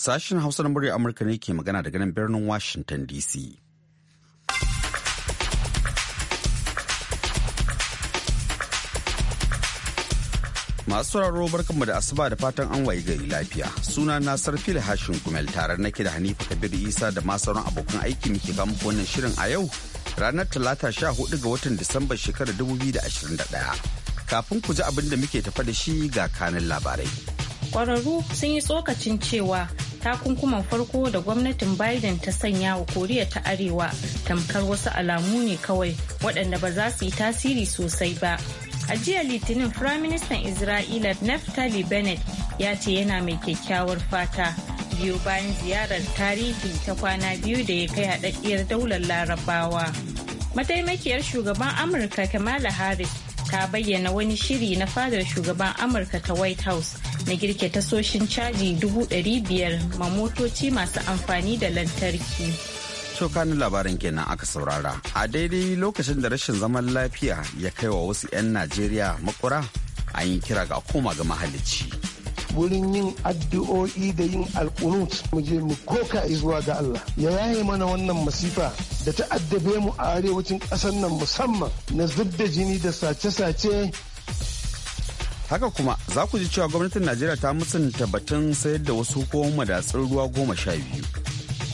Sashen Hausa na murya Amurka ne ke magana daga nan birnin Washington DC. Masu sauraro barkanmu da asuba da fatan an waye gari lafiya. Suna na Sarfil Hashin Gumel tare nake da Hanifa Kabiru Isa da ma sauran abokan aiki muke ba muku wannan shirin a yau ranar Talata sha 14 ga watan Disamba shekarar 2021. kafin ku ji abin da muke tafa da shi ga kanin labarai. Kwararru sun yi tsokacin cewa takunkuman farko da gwamnatin biden ta sanya wa koriya ta arewa tamkar wasu alamu ne kawai waɗanda ba za su yi tasiri sosai ba a jiya litinin firaministan isra'ila naftali bennett ya ce yana mai kyakkyawar fata biyu bayan ziyarar tarihi ta kwana biyu da ya kai haɗaɗɗiyar daular larabawa mataimakiyar shugaban amurka kamala harris ta bayyana wani shiri na fadar shugaban amurka ta white house na girke tasoshin caji dubu biyar ma motoci masu amfani da lantarki. Tokanin labarin kenan aka saurara a daidai lokacin da rashin zaman lafiya ya kai wa wasu 'yan Najeriya makura an yi kira ga koma ga mahalicci. wurin yin addu'o'i da yin alkunut mu je mu koka zuwa ga Allah ya yaye mana wannan masifa da ta addabe mu a arewacin ƙasar nan musamman na zub da jini da sace-sace haka kuma za ku ji cewa gwamnatin najeriya ta musanta batun sayar da wasu hukumomin madatsun ruwa goma sha biyu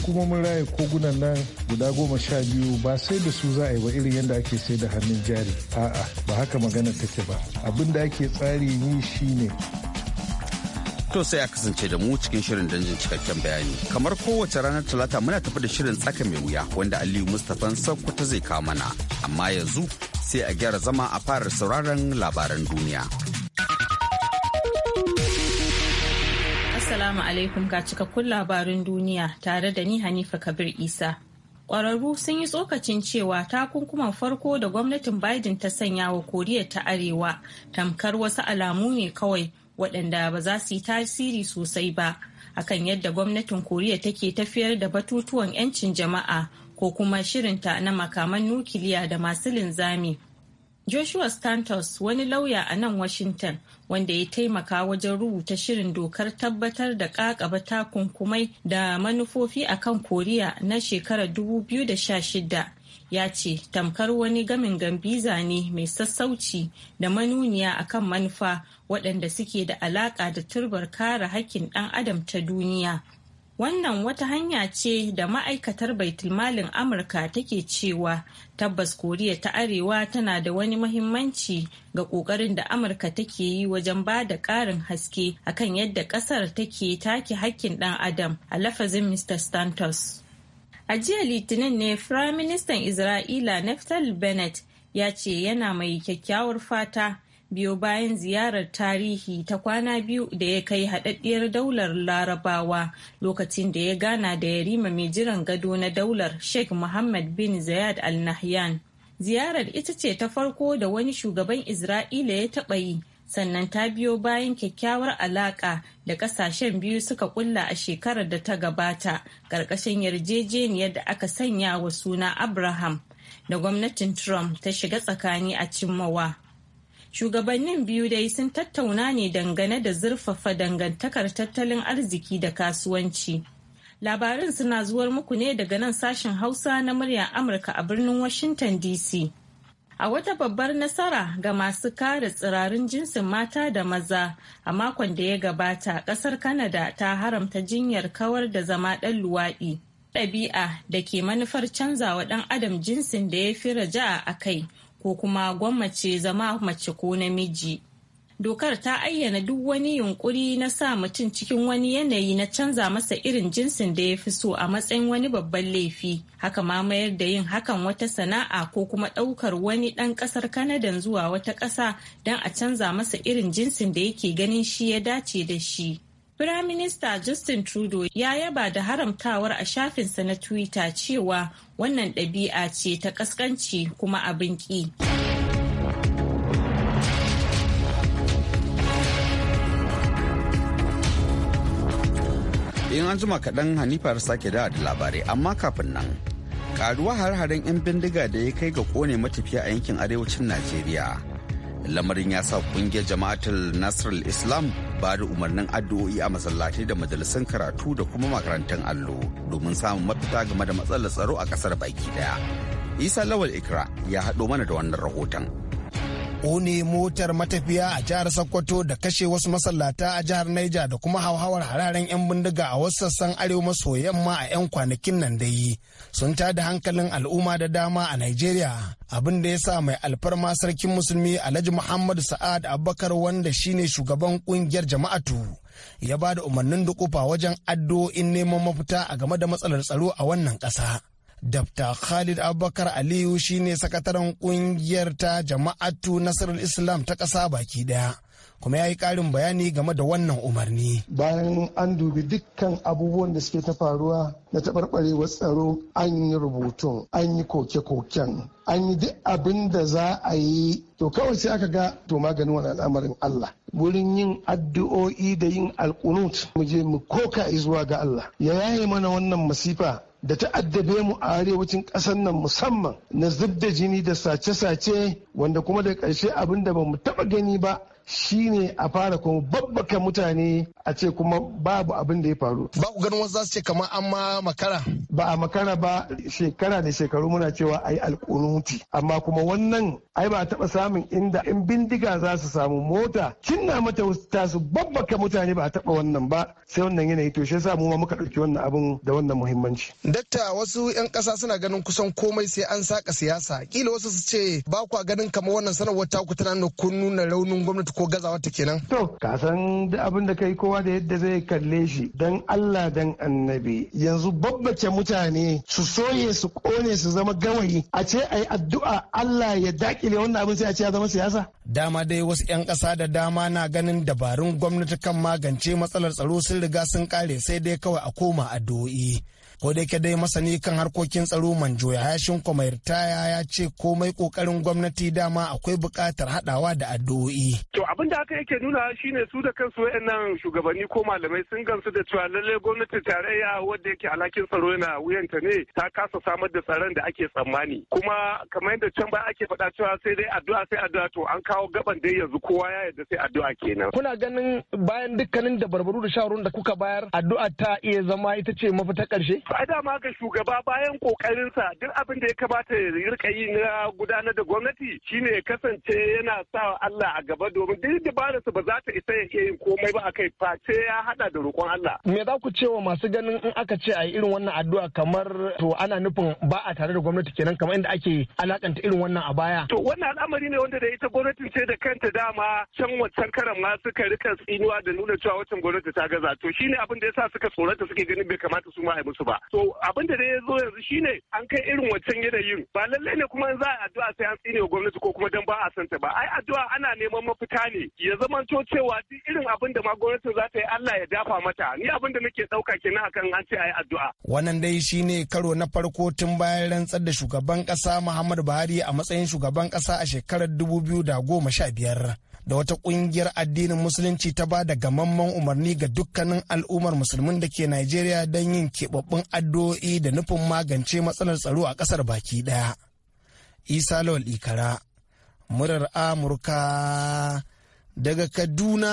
kuma mun raya kogunan nan guda goma sha biyu ba sai da su za a yi ba irin yadda ake sai da hannun jari a'a ba haka magana take ba abin da ake tsari yi shine to sai a kasance da mu cikin shirin danjin cikakken bayani kamar kowace ranar talata muna tafi da shirin tsaka mai wuya wanda aliyu mustapha sakkwata zai kawo mana amma yanzu sai a gyara zama a fara sauraron labaran duniya Assalamu alaikum ga cikakkun labarin duniya tare da ni Hanifa Kabir Isa. Ƙwararru sun yi tsokacin cewa takunkuman farko da gwamnatin Biden ta sanya wa Koriya ta Arewa tamkar wasu alamu ne kawai waɗanda ba za su yi tasiri sosai ba akan yadda gwamnatin Koriya take tafiyar da batutuwan 'yancin jama'a ko kuma shirinta na makaman nukiliya da masu linzami Joshua Stantos wani lauya a nan Washington wanda ya taimaka wajen rubuta shirin dokar tabbatar da kakaba takunkumai da manufofi a kan Koriya na shekarar 2016 ya ce tamkar wani gamin gambiza ne mai sassauci da manuniya a kan manufa waɗanda suke da alaƙa da turbar kare hakkin ɗan adam ta duniya Wannan wata hanya ce da ma'aikatar baitulmalin Amurka take cewa tabbas Koriya ta Arewa tana da wani mahimmanci ga ƙoƙarin da Amurka take yi wajen ba da ƙarin haske akan yadda ƙasar take take hakkin ɗan adam a lafazin Mr. Stantos. A jiya Litinin ne Firaministan Isra'ila Naftali Bennett ya ce yana mai kyakkyawar fata biyo bayan ziyarar tarihi ta kwana biyu da ya kai haɗaɗɗiyar daular larabawa lokacin da ya gana da yarima mai jiran gado na daular sheikh muhammad bin zayed al nahyan ziyarar ita ce ta farko da wani shugaban isra'ila ya taɓa yi sannan ta biyo bayan kyakkyawar alaƙa da ƙasashen biyu suka ƙulla a shekarar da ta gabata ƙarƙashin yarjejeniyar da aka sanya wa suna abraham da gwamnatin trump ta shiga tsakani a cimmawa shugabannin biyu dai sun tattauna ne dangane da zurfafa dangantakar tattalin arziki da kasuwanci labarin suna zuwar muku ne daga nan sashen hausa na muryar amurka a birnin washington dc a wata babbar nasara ga masu kare tsirarin jinsin mata da maza a makon da ya gabata kasar Kanada ta haramta jinyar kawar da zama ɗan luwaɗi ɗabi'a da ke manufar canzawa ɗan adam jinsin da ya fi raja a kai ko kuma gwammace zama mace ko namiji. Dokar ta ayyana duk wani yunkuri na sa mutum cikin wani yanayi na canza masa irin jinsin da ya fi so a matsayin wani babban laifi, haka ma mayar da yin hakan wata sana'a ko kuma ɗaukar wani ɗan ƙasar Kanadan zuwa wata ƙasa don a canza masa irin jinsin da yake ganin shi ya dace da shi. Firaminista Justin Trudeau ya yaba da haramtawar a shafinsa na Twitter cewa wannan ɗabi'a ce ta ƙasƙanci kuma abin ƙi. In an zuma kaɗan Hanifar sake da labarai amma kafin nan. Ƙaruwa har-haren 'yan bindiga da ya kai ga ƙone matafiya a yankin arewacin Najeriya. lamarin ya sa kungiyar jama'atul nasrul islam ba da umarnin addu'o'i a masallatai da majalisun karatu da kuma makarantar allo domin samun mafita game da matsalar tsaro a kasar baki daya isa lawal ikra ya haɗo mana da wannan rahoton kone motar matafiya a jihar sokoto da kashe wasu masallata a jihar Niger da kuma hauhawar hararen 'yan bindiga a wasu sassan arewa maso yamma a 'yan kwanakin nan da yi sun tada hankalin al'umma da dama a nigeria abin da ya sa mai alfarma sarkin musulmi alhaji muhammadu sa'ad abubakar wanda shine shugaban kungiyar jama'atu ya ba da umarnin dukufa wajen addu'o'in neman mafita a game da matsalar tsaro a wannan ƙasa. Dr. Khalid Abubakar Aliyu shine sakataren kungiyar ta jama'atu Nasarar Islam ta ƙasa baki ɗaya. kuma ya yi ƙarin bayani game da wannan umarni. Bayan an dubi dukkan abubuwan da suke ta faruwa na taɓarɓarewar tsaro an yi rubutun, an yi koke-koken, an yi duk abin da za a yi to kawai sai aka ga to maganin wani al'amarin Allah. Wurin yin addu'o'i da yin alkunut mu je mu koka zuwa ga Allah. Ya yaye mana wannan masifa da ta addabe mu a arewacin ƙasar nan musamman na zub da jini da sace-sace wanda kuma da ƙarshe abin da ba mu taɓa gani ba shine a fara kuma babbaka mutane a ce kuma babu abin da ya faru. Ba ku ganin wasu za su ce kamar an ma makara? Ba a makara ba shekara da shekaru muna cewa ai alƙunuti amma kuma wannan ai ba taɓa samun inda in bindiga za su samu mota cinna mata ta su babbaka mutane ba a taɓa wannan ba sai wannan yanayi to shi yasa mu ma muka ɗauki wannan abin da wannan muhimmanci. Dakta wasu 'yan ƙasa suna ganin kusan komai sai an saka siyasa kila wasu su ce ba ku ganin kamar wannan sanarwar ta ku tana kunnu nuna raunin gwamnati ko gazawa ta kenan to ka san da abin da kai kowa da yadda zai kalle shi dan Allah dan annabi yanzu babbace mutane su soye su kone su zama gawayi a ce ai addu'a Allah ya dakile wannan abin sai a ce ya zama siyasa dama dai wasu 'yan ƙasa da dama na ganin dabarun gwamnati kan magance matsalar tsaro sun riga sun kare sai dai kawai a koma addu'o'i ko dai yake dai masani kan harkokin tsaro manjo ya yashin mai ya ce komai kokarin gwamnati dama akwai buƙatar haɗawa da addu'o'i. to abin da haka yake nuna shine su da kansu wayannan shugabanni ko malamai sun gamsu da cewa lalle gwamnatin tarayya wadda yake alhakin tsaro yana wuyanta ne ta kasa samar da tsaron da ake tsammani kuma kamar yadda can baya ake faɗa cewa sai dai addu'a sai addu'a to an kawo gaban dai yanzu kowa ya yarda sai addu'a kenan. kuna ganin bayan dukkanin da barbaru da shawarun da kuka bayar addu'a ta iya zama ita ce mafita ƙarshe. a dama ga shugaba bayan kokarinsa duk abin da ya kamata ya rika yi na gudanar da gwamnati shine ya kasance yana sa Allah a gaba domin duk dabararsa ba za ta isa ya iya yin komai ba akai face ya hada da roƙon Allah. Me za ku ce wa masu ganin in aka ce a yi irin wannan addu'a kamar to ana nufin ba a tare da gwamnati kenan kamar inda ake alakanta irin wannan a baya. To wannan al'amari ne wanda da ita gwamnatin ce da kanta dama can wancan karan ma suka rika tsinuwa da nuna cewa wancan gwamnati ta gaza to shine abin da yasa suka tsorata suke ganin bai kamata su ma ai musu ba. To so abin da dai ya zo yanzu shine an kai irin wancan yanayin ba lallai ne kuma za a addu'a sai an tsine gwamnati ko kuma dan ba a santa ba ai addu'a ana neman mafita ne ya zamanto cewa duk irin abin da ma gwamnatin za ta yi Allah ya dafa mata ni abin da nake dauka kenan akan an ce ai addu'a wannan dai shine karo na farko tun bayan rantsar da shugaban kasa Muhammadu Buhari a matsayin shugaban kasa a shekarar 2015 da wata kungiyar addinin musulunci ta ba da gamamman umarni ga dukkanin al'ummar musulmin da ke Najeriya don yin keɓaɓɓun addu'o'i da nufin magance matsalar tsaro a ƙasar baki ɗaya. Isa Lawal Ikara, murar Amurka daga Kaduna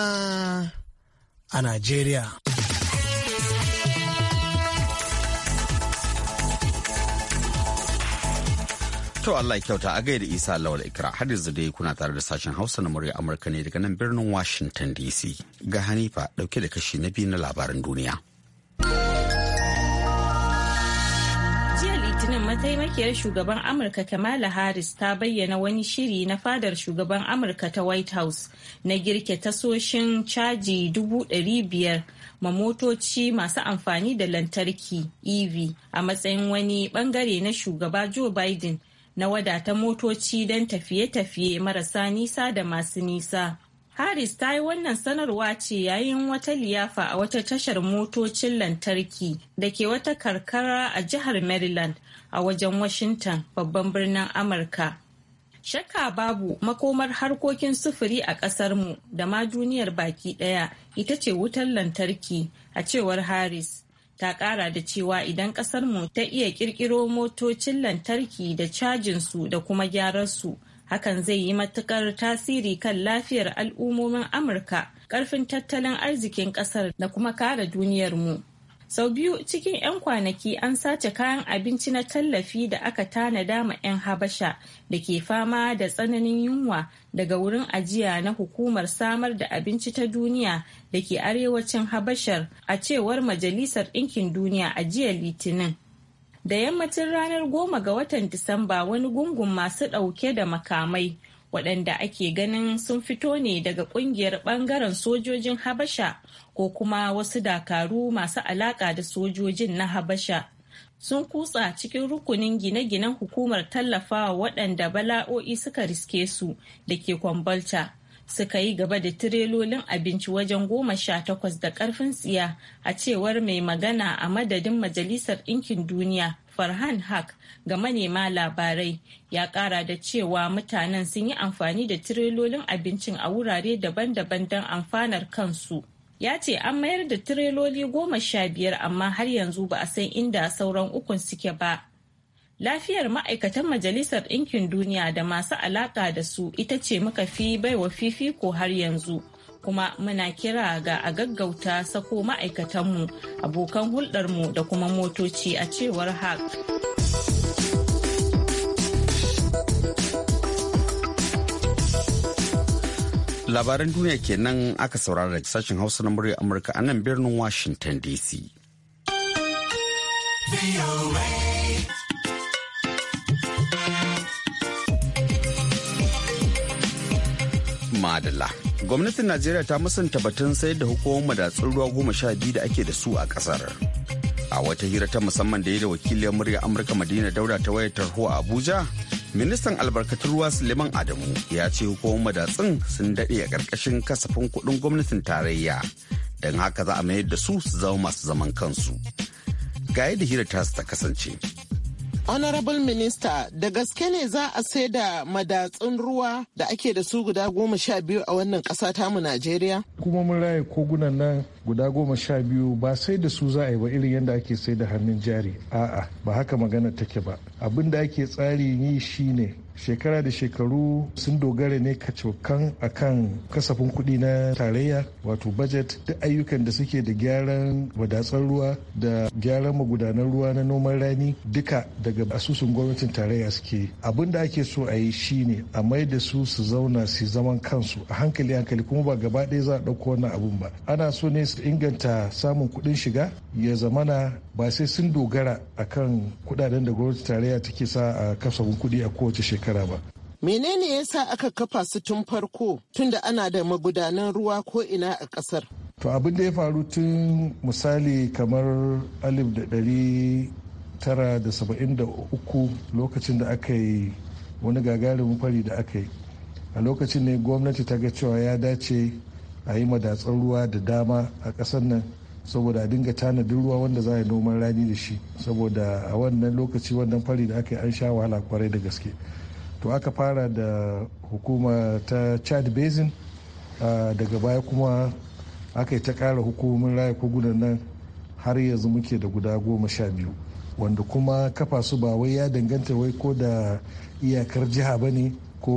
a Najeriya. To Allah kyauta a gaida Isa Lawal Ikra har yanzu dai kuna tare da sashen Hausa na murya Amurka ne daga nan birnin Washington DC ga Hanifa dauke da kashi na biyu na labaran duniya. Jiya Litinin mataimakiyar shugaban Amurka Kamala Harris ta bayyana wani shiri na fadar shugaban Amurka ta White House na girke tasoshin caji dubu ɗari ma motoci masu amfani da lantarki EV a matsayin wani bangare na shugaba Joe Biden na wadata motoci don tafiye-tafiye marasa nisa da masu nisa. Harris ta yi wannan sanarwa ce yayin wata liyafa a wata tashar motocin lantarki da ke wata karkara a jihar Maryland a wajen Washington babban birnin Amurka. Shakka babu makomar harkokin sufuri a ƙasarmu da ma duniyar baki ɗaya ita ce wutar lantarki a cewar Harris. ta kara da cewa idan kasar mu ta iya kirkiro motocin lantarki da cajin su da kuma gyaran su hakan zai yi matukar tasiri kan lafiyar al'ummomin amurka karfin tattalin arzikin kasar da kuma kare duniyar mu sau biyu cikin 'yan kwanaki an sace kayan abinci na tallafi da aka tanada ma 'yan habasha da ke fama da tsananin yunwa daga wurin ajiya na hukumar samar da abinci ta duniya da ke arewacin habashar a cewar majalisar ɗinkin duniya a jiya litinin da yammacin ranar goma ga watan disamba wani gungun masu ɗauke da makamai waɗanda ake ganin sun fito ne daga ƙungiyar ɓangaren sojojin habasha ko kuma wasu dakaru masu alaƙa da sojojin na Habasha sun kutsa cikin rukunin gine-ginen hukumar tallafawa waɗanda bala'o'i suka riske su da ke kwambalta. suka yi gaba da tirelolin abinci wajen goma sha takwas da ƙarfin tsiya a cewar mai magana a madadin majalisar ɗinkin duniya farhan haq ga manema labarai ya ƙara da cewa mutanen sun yi amfani da tirelolin abincin a wurare daban-daban don amfanar kansu ya ce an mayar da tireloli goma sha biyar amma har yanzu ba a san inda sauran ukun suke ba. Lafiyar ma'aikatan Majalisar Ɗinkin Duniya da masu alaƙa da su ita ce muka fi baiwa fifiko har yanzu. Kuma muna kira ga a gaggauta sako ma'aikatanmu, abokan hulɗarmu da kuma motoci a cewar hack. labaran duniya kenan aka saurara da sashen hausa na murya amurka a nan birnin washington dc madalla gwamnatin najeriya ta musanta batun sayar da hukumar madatsun ruwa goma sha biyu da ake da su a kasar a wata hira ta musamman da ya da wakiliyar murya amurka madina daura ta wayar tarho a abuja ministan albarkatun ruwa suleiman adamu ya ce hukumar madatsin sun daɗe a ƙarƙashin kasafin kuɗin gwamnatin tarayya don haka za a mayar da su su zama masu zaman kansu ga yadda hira ta ta kasance honorable minister da gaske ne za a sai da madatsun ruwa da ake da su guda goma sha biyu a wannan ƙasa tamu najeriya kuma mun raye kogunan nan guda goma sha biyu ba sai da su za a yi ba irin yadda ake sai da hannun jari a'a ba haka magana take ba abin da ake tsari yi shine shekara da shekaru sun dogara ne kacokan akan kasafin kuɗi na tarayya wato budget da ayyukan da suke da gyaran wadatsar ruwa da gyaran magudanan ruwa na noman rani duka daga asusun gwamnatin tarayya suke abin da ake so a yi shine a mai da su su zauna su zaman kansu a hankali hankali kuma ba gaba ɗaya za a ɗauko wannan abun ba ana so ne su inganta samun kuɗin shiga ya zamana ba sai sun dogara a kan kuɗaɗen da gwamnati tarayya take sa a kasafin kuɗi a kowace shekara ba menene ya sa aka kafa su tun farko tun da ana da magudanan ruwa ko ina a kasar to abin da ya faru tun misali kamar alif da dari tara da saba'in da uku lokacin da aka yi wani gagarumin fari da aka yi a lokacin ne gwamnati ta ga cewa ya dace a yi madatsar ruwa da dama a ƙasar nan saboda a dinga tanadin ruwa wanda za a noman rani da shi saboda a wannan lokaci wannan fari da aka yi an sha wahala kwarai da gaske to aka fara da hukuma ta chad basin daga baya kuma aka yi ta kara hukumomin raya kogunan nan har yanzu muke da guda goma sha biyu wanda kuma kafa su ba wai ya danganta wai ko da iyakar jiha ba ne ko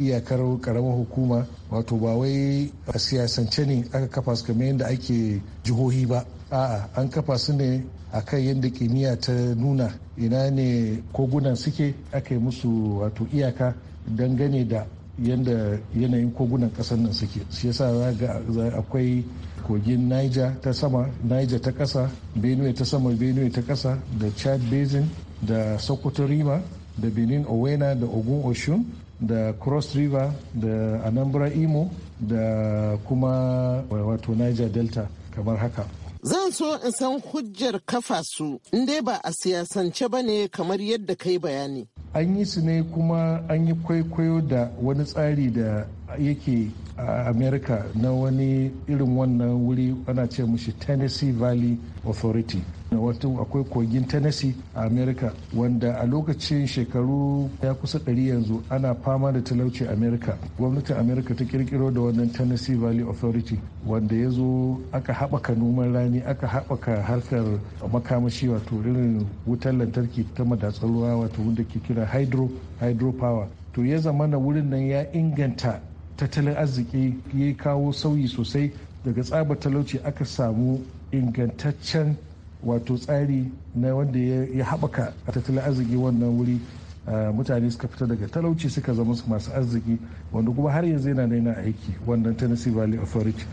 iyakar karamar hukuma wato ba wai a siyasance ne aka kafa su kamar yadda ake jihohi ba a'a an kafa su ne a kan yadda kimiyya ta nuna ina ne kogunan suke aka yi musu wato iyaka dangane da yadda yanayin kogunan kasar nan suke shi yasa ga akwai kogin niger ta sama niger ta kasa benue ta sama benue ta kasa da chad basin da sokoto rima da benin owena da ogun oshun da cross river da anambra imo da kuma eh, wato niger delta kamar haka zan so in san hujjar kafa su dai ba a siyasance ba ne kamar yadda kai bayani an yi su ne kuma an yi kwaikwayo da wani tsari da yake a america na wani irin wannan wuri ana ce mushi tennessee valley authority na wata akwai kogin tennessee a america wanda a lokacin shekaru ya kusa ɗari yanzu ana fama da talauci america gwamnatin america ta kirkiro da wannan tennessee valley authority wanda ya zo aka haɓaka noman rani aka haɓaka harkar makamashi wato irin wutar lantarki ta madatsar ruwa wato wanda ke kira hydro power to ya zama na wurin nan ya inganta tattalin arziki ya kawo sauyi sosai daga tsaba talauci aka samu ingantaccen wato tsari na wanda ya haɓaka a tattalin arziki wannan wuri ah, mutane suka fita daga talauci suka zama masu arziki wanda kuma har yanzu yana na aiki wannan tennessee valley authority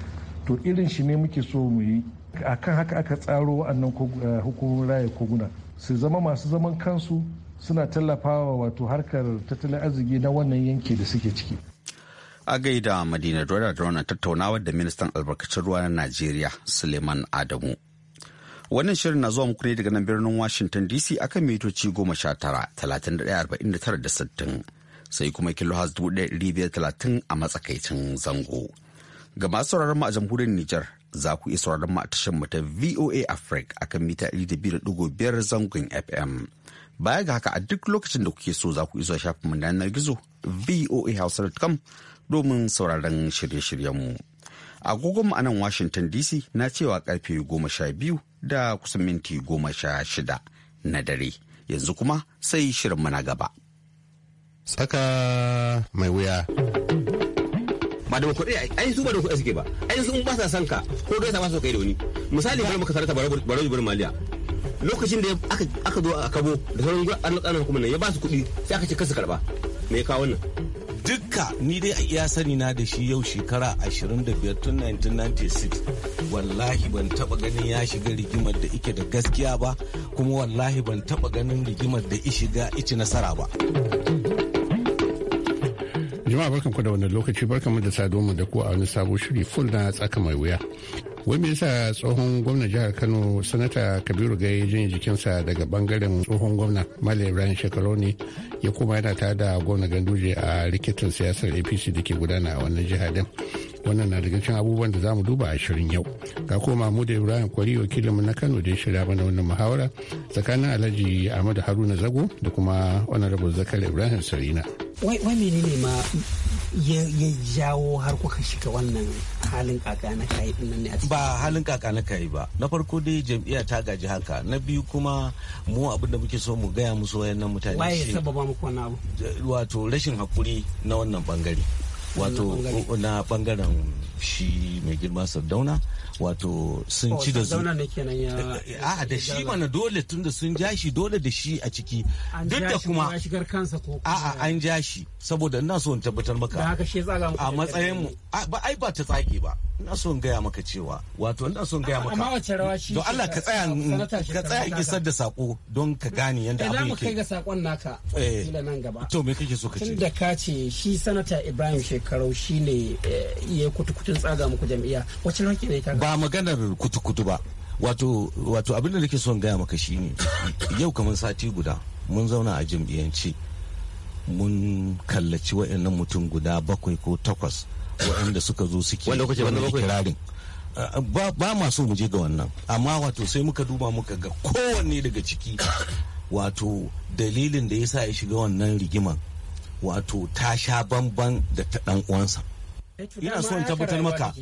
to irin shi ne muke so mu yi akan haka aka tsaro wa'annan ah, hukumomin raya koguna su zama masu zaman kansu suna tallafawa wato harkar tattalin arziki na wannan yanki da suke ciki a gaida madina dora da wannan tattaunawa da ministan albarkacin ruwa na najeriya suleiman adamu wannan shirin na zuwa muku ne daga nan birnin washington dc akan mitoci goma sha tara talatin da arba'in da tara da sittin sai kuma kilo has dubu ɗaya biyar talatin a matsakaicin zango ga masu sauraron mu a jamhuriyar Nijar za ku iya sauraron mu a tashar mu ta voa africa akan mita ɗari da biyu da ɗigo biyar zangon fm baya ga haka a duk lokacin da kuke so za ku iya zuwa shafin mu na yanar gizo voa domin sauraron shirye-shiryenmu. Agogon a nan Washington DC na cewa karfe goma sha biyu da kusan minti goma sha shida na dare. Yanzu kuma sai shirinmu na gaba. saka mai wuya. ba da kuɗi ai su ba da kuɗi suke ba ai su ba sa sanka ka ko dai ba su kai da wani misali bari muka sarata barauni burin maliya lokacin da aka zo a kabo da sauran an kanan kuma ya ba su kuɗi sai aka ce kasu karba me ya kawo wannan dukka ni dai a iya sani na da shi yau shekara 25 tun 1996 wallahi ban taba ganin ya shiga rigimar da ike da gaskiya ba kuma wallahi ban taba ganin rigimar da ishiga ici nasara ba jama'a barkanku da wannan lokaci barkan da saduwa da ku a wani sabon shiri full na tsaka mai wuya wai me yasa tsohon gwamnan jihar kano sanata kabiru ya jin jikinsa daga bangaren tsohon gwamna malam ibrahim shekaru ne ya kuma yana ta da gwamna ganduje a rikitin siyasar apc da ke gudana a wannan jiha din wannan na daga cikin abubuwan da za mu duba a shirin yau ga kuma mahmud ibrahim kwari mu na kano da ya shirya mana wannan muhawara tsakanin alhaji ahmad haruna zago da kuma honorable zakar ibrahim sarina wai menene ma ya jawo har kuka shiga wannan halin kaka na kayi din ne a ba halin kaka na kayi ba na farko dai jam'iyya ta gaji haka na biyu kuma mu abin da muke so mu gaya musu wayannan mutane waye sababa muku wannan abu wato rashin hakuri na wannan bangare wato na bangaren shi mai girma sardauna wato sun oh, ci da zuwa a eh, da shi mana dole tun da sun ja shi dole da shi a ciki duk da kuma a an ja shi saboda ina so in tabbatar maka a matsayin mu ai ba ta tsage ba ina son gaya maka cewa wato ina son gaya maka amma wace rawa shi don Allah ka tsaya ka tsaya isar da sako don ka gane yanda abin yake mu kai ga sakon naka kila eh. nan gaba to me kake so ka ce tunda ka ce shi sanata Ibrahim Shekarau shine eh, ya kutukutun tsaga muku jami'a wace rawa ne ka ba maganar kutukutu ba wato wato abin da nake son gaya maka shine yau kamar sati guda mun zauna a jam'iyyance mun kallaci wa'annan mutum guda bakwai ko takwas waɗanda suka zo suke wanda kuke wanda kirarin ba ma so mu ga wannan amma wato sai muka duba muka ga kowanne daga ciki wato dalilin da ya sa ya shiga wannan rigiman wato ta sha bamban da ta dan uwansa eh, ina so in tabbatar maka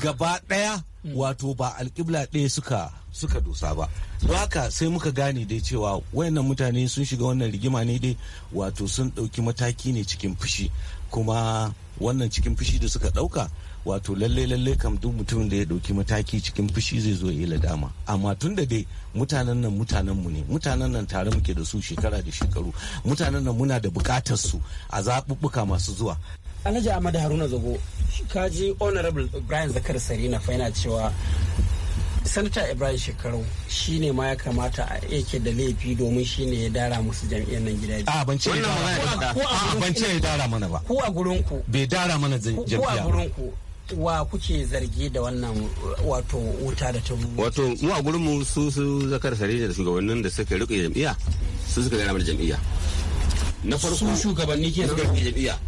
gaba daya Mm. wato ba alƙibla ɗaya suka suka dosa ba don haka sai muka gane dai cewa wayannan mutane sun shiga wannan rigima ne dai wato sun ɗauki mataki ne cikin fushi kuma wannan cikin fushi da suka ɗauka wato lalle lalle kam duk mutumin da ya ɗauki mataki cikin fushi zai zo ya dama amma tun da dai mutanen nan mutanen mu ne mutanen nan tare muke da su shekara da shekaru mutanen nan muna da bukatar su a zaɓuɓɓuka masu zuwa alhaji ahmad haruna zago kaji honorable brian zakar sari na fa yana cewa sanata ibrahim shekaru shi ne ma ya kamata a yake da laifi domin shi ne ya dara musu jam'iyyar nan gida a ban ce ya dara mana ba ko a gurinku bai dara mana jam'iyya ko wa kuke zargi da wannan wato wuta da ta wato mu a gurin mu su su zakar sare da shugabannin da suka rike jam'iyya su suka gara mana jam'iyya na farko shugabanni ke suka rike jam'iyya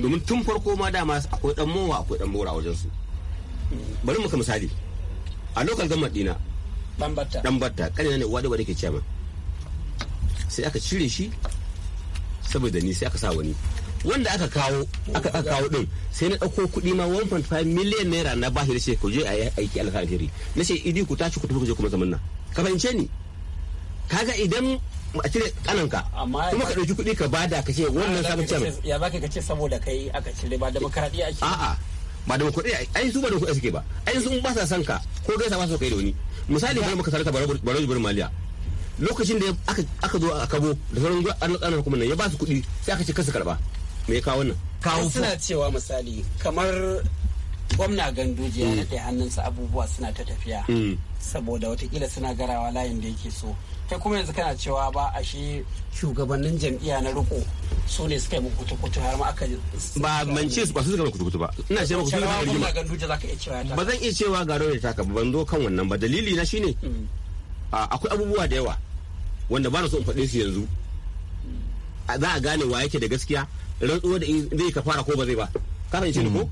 domin tun farko ma dama akwai dan mowa akwai dan mora wajen su bari muka misali a local government dina dan batta kanina ne uwa da ke chairman sai aka cire shi saboda ni sai aka sa wani wanda aka kawo aka aka kawo din sai na dauko kudi ma 1.5 miliyan naira na bashi da ce ku je ayi aiki alkhairi na ce idi ku tashi ku tafi ku je kuma zaman nan ka fahimce ni kaga idan a cire kananka kuma ka dauki kudi ka bada ka ce wannan sabon ya baka ka ce saboda kai aka cire ba demokradiya ake a'a ba da kuɗi ai su ba da kuɗi suke ba ai sun ba sa san ka ko gaisa ba su kai da wani misali har maka sarata baro maliya lokacin da aka zo a kabo da sauran an kuma nan ya ba su kuɗi sai aka ce kasu karba me ya kawo nan kawo suna cewa misali kamar gwamna ganduje ya mm. nade hannunsa abubuwa suna ta tafiya mm. saboda watakila suna garawa layin da yake so ta kuma yanzu kana cewa ba a shi shugabannin jam'iyya na riko su ne suka yi muku kutu har ma aka ba man ce ba su suka yi kutu ba ina ce muku suka rigima ba zan iya cewa ga rawar taka ban zo kan wannan ba dalili na shine mm. akwai abubuwa da yawa wanda ba na so in faɗe su yanzu za a gane wa yake da gaskiya rantsuwa da zai ka fara ko ba zai ba ka fahimci ni ko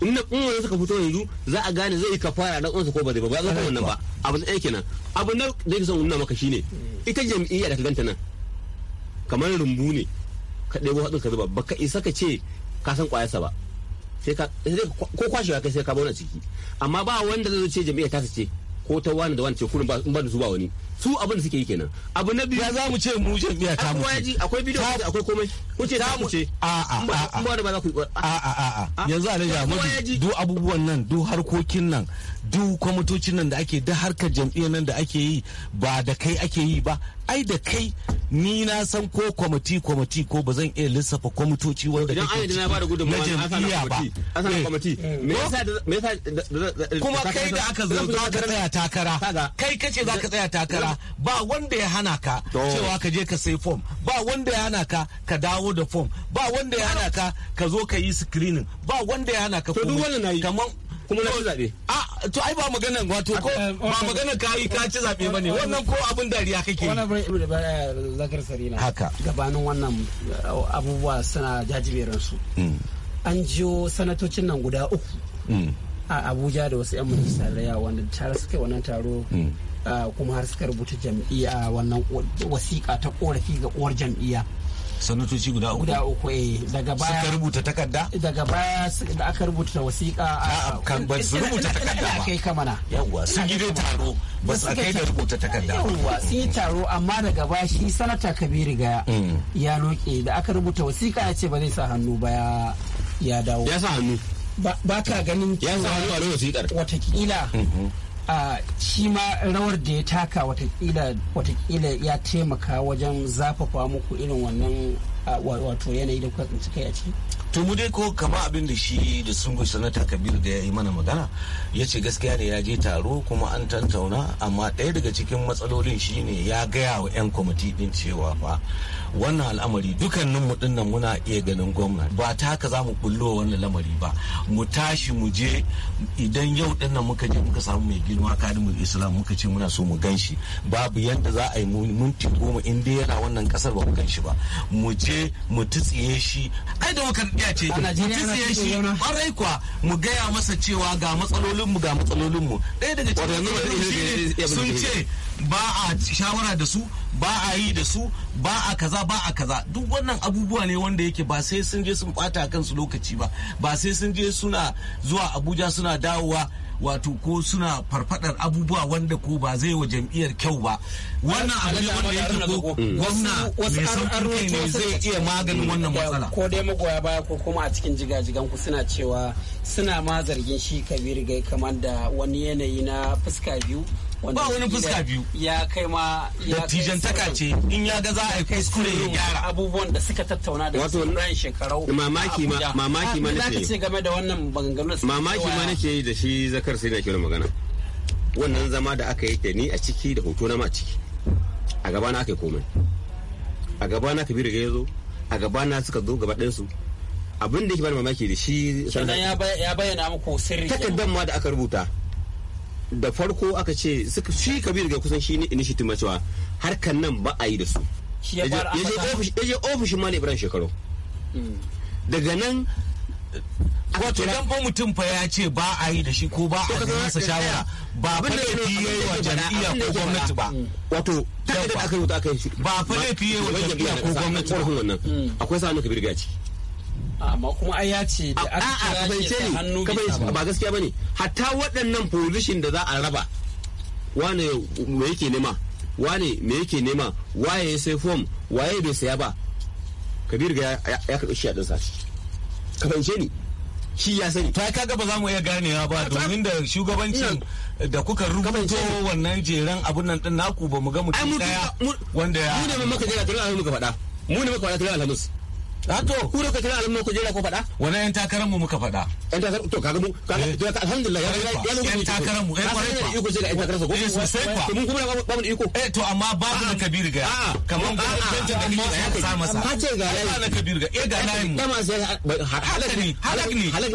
in na wani suka fito yanzu za a gane zai kafara na kunsa ko ba zai ba ba zai wannan ba abu ɗaya kenan abu na da yake son nuna maka shine ita jam'iyya da ka ganta nan kamar rumbu ne ka ɗebo hatsin ka zuba ba ka isa ka ce ka san kwayarsa ba sai ka ko kwashewa kai sai ka bauna ciki amma ba wanda zai ce jami'a ta ce ko ta wani da wani ce kurin ba da su ba wani su abin da suke yi kenan abu na biyu ya za mu ce mu biya ta mu ce. akwai bidiyo akwai komai ku ce ta mu ce a a a a a a a a a a a duk abubuwan nan duk harkokin nan duk kwamitocin nan da ake da harkar jam'iyyar nan da ake yi ba da kai ake yi ba ai da kai ni na san ko kwamiti kwamiti ko ba zan iya lissafa kwamitoci wanda kake ciki na jam'iyya ba kuma kai da aka zo za ka tsaya takara kai kace za ka tsaya takara ba wanda ya hana ka cewa ka je ka sai fom. ba wanda ya hana ka ka dawo da fom. ba wanda ya hana ka ka zo ka yi screening ba wanda ya hana ka komai kaman kuma na ci zaɓe. A to ai ba maganan wato ko eh, ba maganan ka yi ka ci zaɓe ba ne wannan ko abin dariya kake yi. Wannan bai da zakar sarina. Haka. Gabanin wannan eh, abubuwa suna jajiberansu. su. Mm. An jiyo sanatocin nan guda uku. Mm. A Abuja da wasu 'yan da raya wanda tare suka yi wannan taro mm. eh, kuma har suka rubuta jam'iyya wannan wasiƙa ta ƙorafi ga uwar jam'iyya. sanatoci guda uku guda uku eh daga baya suka rubuta takarda daga baya da aka rubuta wasiƙa a kan ba su rubuta takarda ba kai kamana yawa sun yi dai taro ba su kai da rubuta takarda yawa sun yi taro amma daga baya shi sanata Kabiru ga mm. ya noke da aka rubuta wasiƙa ya ce ba zai sa hannu ba ya ya dawo ya sa hannu ba ka ganin ya sa hannu a wasiƙar watakila mm-hmm. shi ma rawar da ya taka watakila ya taimaka wajen zafafa muku irin wannan wato yanayi da kuka cikai a ciki to mu dai ko kama abin da shi da sun sanata kabir da ya yi mana magana ya ce gaskiya ne ya je taro kuma an tantauna amma ɗaya daga cikin matsalolin shine ya gaya wa 'yan kwamiti din cewa fa wannan al'amari dukannin mu dinnan muna iya ganin gwamna ba ta haka za mu bullo wannan lamari ba mu tashi mu je idan yau dinnan muka je muka samu mai girma kadimul islam muka ce muna so mu ganshi babu yanda za a yi minti goma in dai yana wannan kasar ba mu ganshi ba mu je mu tsiye shi ai da wakar iya ce mu tsiye shi kwarai kwa mu gaya masa cewa ga matsalolin mu ga matsalolin mu ɗaya daga cikin sun ce ba a shawara da su ba a yi da su ba a kaza kaza ba a kaza duk wannan abubuwa ne wanda yake ba sai sun je sun bata kansu lokaci ba ba sai sun je suna zuwa abuja suna dawowa wato ko suna farfadar abubuwa wanda ko ba zai wa jam'iyyar kyau ba wannan abu ne wanda yake ko gwamna mai sauƙi ne zai iya maganin wannan matsala ko dai magoya baya ko kuma a cikin jigajigan ku suna cewa suna ma zargin shi kabir gai kamar da wani yanayi na fuska biyu ba wani fuska biyu ya kai ma ya tijantaka ce in ya ga za a kai kuskure ya gyara abubuwan da suka tattauna da wato ran shekarau mamaki ma mamaki ma nake ce game da wannan maganganun mamaki ma nake yi da shi zakar sai na kira magana wannan zama da aka yi da ni a ciki da hoto na ma ciki a gaba na aka yi komai a gaba na kabiru ya zo a gaba na suka zo gaba ɗansu abin da yake bani mamaki da shi sannan ya bayyana muku sirri takardar ma da aka rubuta da farko aka ce shi kabir ga kusan shi ne initiative cewa harkan nan ba a yi da su ya je ofishin mali ibrahim shekaru hmm. daga nan wato dan ba mutum fa ya ce ba a yi da shi ko ba a yi masa shawara ba fa fi yi wa jam'iyya ko gwamnati ba hmm. wato ta da aka yi aka yi ba fa fi yi wa jam'iyya ko gwamnati ba. Hmm. akwai sa'anin kabir gaci amma kuma ai ya ce da aka kira shi da hannu bisa ba gaskiya bane hatta waɗannan position da za a raba wane me yake nema wane me yake nema waye ya sai form waye bai saya ba kabir ga ya karɓi shi a ɗinsa ka fahimce ni shi ya sani ta kaga ba za mu iya ganewa ba domin da shugabancin da kuka rubuto wannan jeren abun nan din naku ba mu ga mutum daya wanda ya mu ne muka jira tare alhamis muka faɗa mu ne muka faɗa tare alhamis to ku da kacin alamun ku jira ko faɗa wannan yan takaran mu muka faɗa yan takarar to kaga mu kaga eh. alhamdulillah ya ya mu yan takaran eh, mu yan kwarai fa ku jira yan takaran ku ko sai fa mun kuma ba mu iko eh to amma ba da kabiru ga kaman ba da ni ya sa masa ka ce ga ya na kabiru ga eh ga na mu kama sai halak ne halak ne halak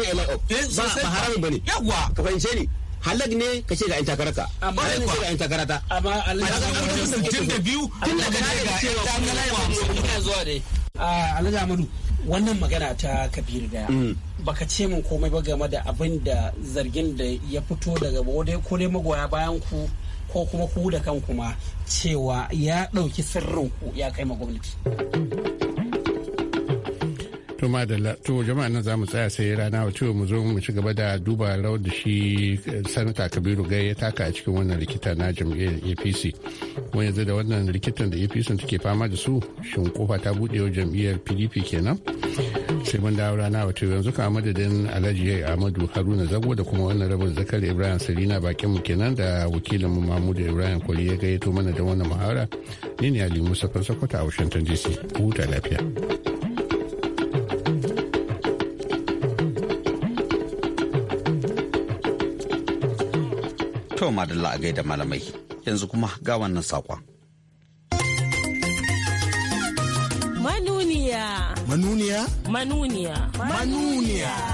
eh, ne ba ba haramun bane yawa ka fahimce ni halak ne ka ce ga yan ka amma ne ce ga yan ta amma Allah ya ga mutum biyu tun da ga yan takarata zuwa dai Alhaji Amadu wannan magana ta Kabiru daya. Mm. Baka ce min komai ba game da abin da zargin da ya fito daga wadai ko dai magoya bayan ku ko kuma ku da kanku ma cewa ya ɗauki ku ya kai ma gwamnati. to madalla to jama'a nan zamu tsaya sai rana wato mu zo mu ci gaba da duba rawar da shi eh, sanata kabiru gai ya taka a cikin wannan rikita na jam'iyyar apc wani yanzu da wannan likitan da apc take fama da su shin kofa ta buɗewa wa jam'iyyar pdp kenan sai mun dawo rana wato yanzu ka madadin alhaji ahmadu haruna zago da kuma wannan rabin zakar ibrahim salina bakin mu kenan da wakilin mu mahmud ibrahim kwari ya gayyato mana da wannan muhawara ni ne ali musa fansakota a washington dc huta lafiya. To madalla a gaida malamai yanzu kuma ga wannan saƙon. Manuniya. Manuniya? Manuniya. Manuniya.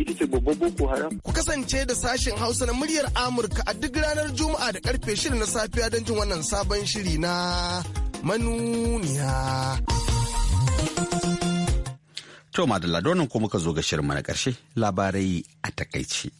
ita ce babban boko haram. Ku kasance da sashen Hausa na muryar Amurka a duk ranar Juma'a da karfe shirin na safiya don jin wannan sabon shiri na manuniya. To Madalla donin ko muka zo ga shirin na karshe labarai a takaici.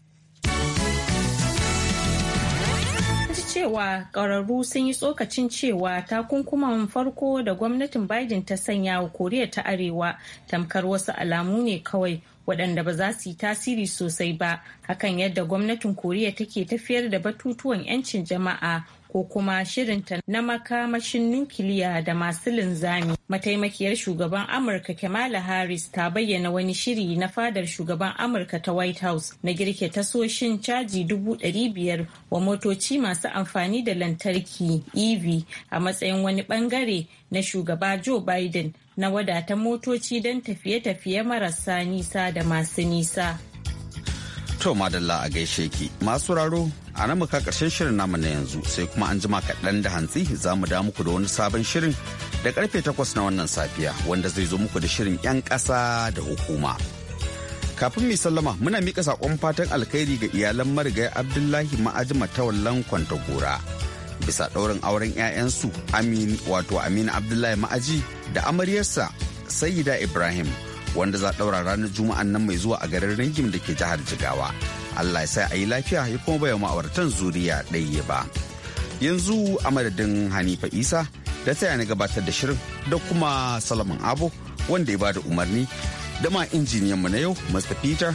cewa ƙwararru sun yi tsokacin cewa takunkuman farko da gwamnatin Biden ta sanya wa Koriya ta Arewa tamkar wasu alamu ne kawai waɗanda ba za su yi tasiri sosai ba hakan yadda gwamnatin koriya take tafiyar da batutuwan 'yancin jama'a ko kuma shirinta na makamashin nukiliya da masu linzami mataimakiyar shugaban amurka kamala harris ta bayyana wani shiri na fadar shugaban amurka ta white house na girke tasoshin caji dubu biyar wa motoci masu amfani da lantarki ev a matsayin wani bangare na shugaba joe biden na wadata motoci don tafiye-tafiye marasa nisa da masu nisa. To madalla a gaishe ki masu raro a nan muka karshen shirin namu na yanzu sai kuma an jima kaɗan da hantsi za mu da muku da wani sabon shirin da karfe takwas na wannan safiya wanda zai zo muku da shirin 'yan ƙasa da hukuma. Kafin mai sallama muna miƙa saƙon fatan alkhairi ga iyalan marigayi Abdullahi Ma'ajima Tawallan kwanta gora. bisa ɗaurin auren 'ya'yansu amin wato aminu abdullahi ma'aji da amaryarsa sayida ibrahim wanda za ɗaura ranar juma'an nan mai zuwa a garin ringim da ke jihar jigawa allah ya sa a yi lafiya ya kuma bayan ma'auratan zuriya ɗaya ba yanzu a madadin hanifa isa da ta na gabatar da shirin da kuma salamin abu wanda ya bada umarni da ma injiniyanmu na yau mr peter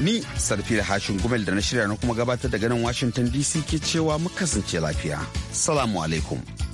Ni sarfi da Hashin Gumel da na shirya na kuma gabatar da ganin Washington DC ke cewa muka kasance lafiya. Salamu alaikum.